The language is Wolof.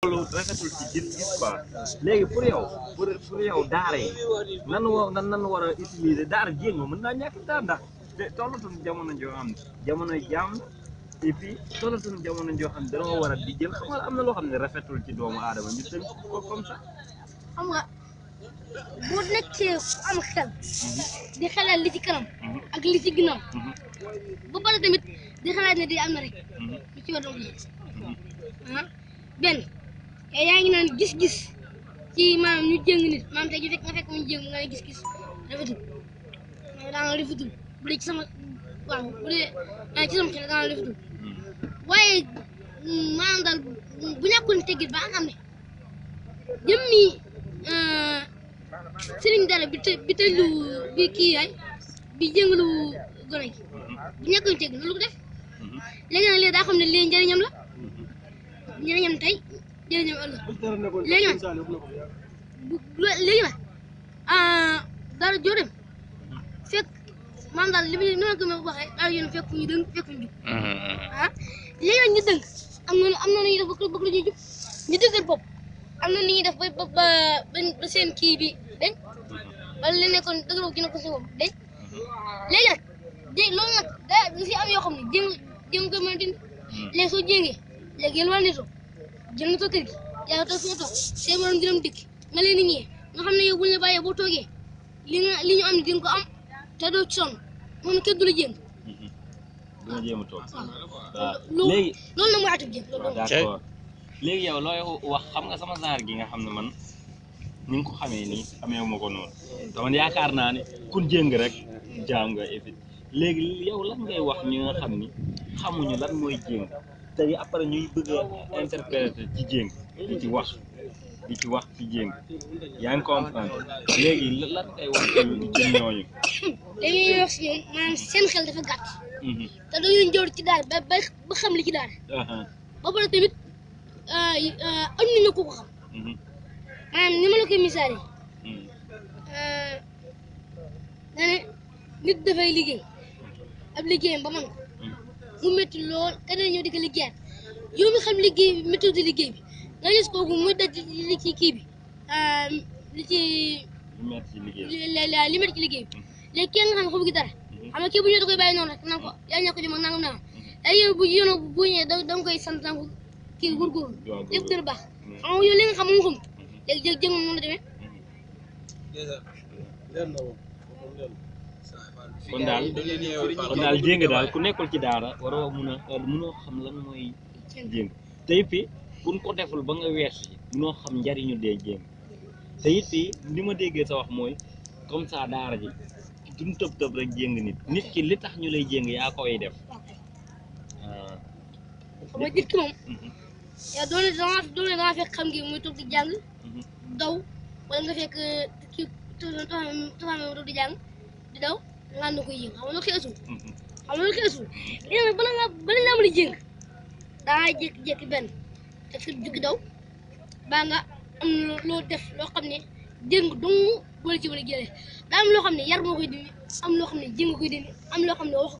loolu rafetul ci gis gis quoi léegi pour yow pour pour yow daara yi nan wa nan war a utiliser daara jéem a mën naa ñàkk daara ndax te tollatuñu jamono joo xam ne jamono jamono joo xam ne dañoo a di jël xam am na loo xam ne rafetul ci doomu aadama ñu tënk ko comme ça. xam nga bu am xel. di xelal li ci kanam. ak li ci ginnaaw. ba pare tamit di xalaat ne di am na mhm. ci war a benn. yow yaa ngi naan gis-gis ci maanaam ñu jëng nit maanaam tey ji fekk nga fekk mu jëng nga ne gis-gis rafetul ma daana rafetul bu dee ci sama waaw bu dee ci sama xel daana rafetul waaye maanaam daal bu ñàkkoon teggit ba nga xam ne jëmmi euh, sëriñ dara bi të bi tëjlu bi kii yaay bi jënglu gone gi bu ñàkkoon teggit lu ko def mhm. léegi nag léegi daa xam ne léegi njëriñam la mhm. njëriñam tey jërëjëf léegi ah, man léegi man dara fekk maanaam daal li muy noonu ko ma ñu dëng fekk ñu jub léegi ah, nag ñu dëng am noonu am noonu ñuy def ba bëgg la bopp am noonu ñuy def ba ba seen kii bi dañ wala li nekkoon dëgg gi na ko dañ léegi nag dé si am yoo xam ne jéem jéem ko mën a dindi hmm. léegi soo jéngee léegi jël na ko kër gi yaa toog fi nga toog say xam ne yow bu ñu la bàyyee toogee li nga li ñu am di ko am te doo ci sonn moom kenn du la jéem. du la jéem a toog ah. Ah. léegi loolu nag mooy atub jéem d'accord léegi yow looy wax xam nga sama genre gi nga xam ne man ni nga ko xamee nii xamee ma ko noonu te yaakaar naa ne kun jéng rek jaam nga effet léegi yow lan ngay wax ñi a xam ni xamuñu lan mooy jéng gangster yi après ñuy bëgg a interpréter ci Dieng di ci wax di ci wax ci Dieng yaa ngi comprendre léegi lan ngay wax ci ñooñu. dañuy wax si maanaam seen xel dafa gàtt. Mhm. te dañuy njëw ci daal ba ba xam li ci daal. Uh-huh. ba pare tamit euh, euh, am nañu ku ko xam. Mhm. maanaam ni ma la koy misaale. Mhm. Euh, nee na nit dafay liggéey ab liggéeyam ba man ko. mu métti lool keneen ñëw di ko liggéeyal yow xam liggéey bi météo di liggéey bi nga gis kooku muy daj li ci kii bi li ci. li métti ci liggéey bi léegi kenn nga xam ne gi dara xam nga kii bu ñëwee da koy bàyyi noonu rek naan ko yaa ñàkk jëm ak nangam nangam ay yow bu yono bu da koy sant naan kii góorgóorlu def dër baax xam a yow li nga xam moom xamul léegi jëg jëg noonu la kon daal kon daal jéng daal ku nekkul ci daara waroo mun a euh, munoo xam lan mooy jéng te it fi buñ ko deful ba nga wees yi munoo xam njariñu dee jéng te it fi li ma déggee sa wax mooy comme ça daara ji duñ tëb tëb rek jéng nit nit ki li tax ñu lay jéng yaa koy def xam nga nit ki moom ah. doone danga fekk xam ngi muy toog jàng mm-hmm. daw wala nga fekk kii jàng di daw nga na ko yëng mhm. xam nga loolu xeesul. xam nga loolu xeesul léegi bala nga bala nga mën a jéng dangay jékki benn juggi daw baa nga am loo def loo xam ne jéng dong boole ci wala jëlee daa am loo xam ne yar moo koy dindi am loo xam ne jéng koy dindi am loo xam ne wax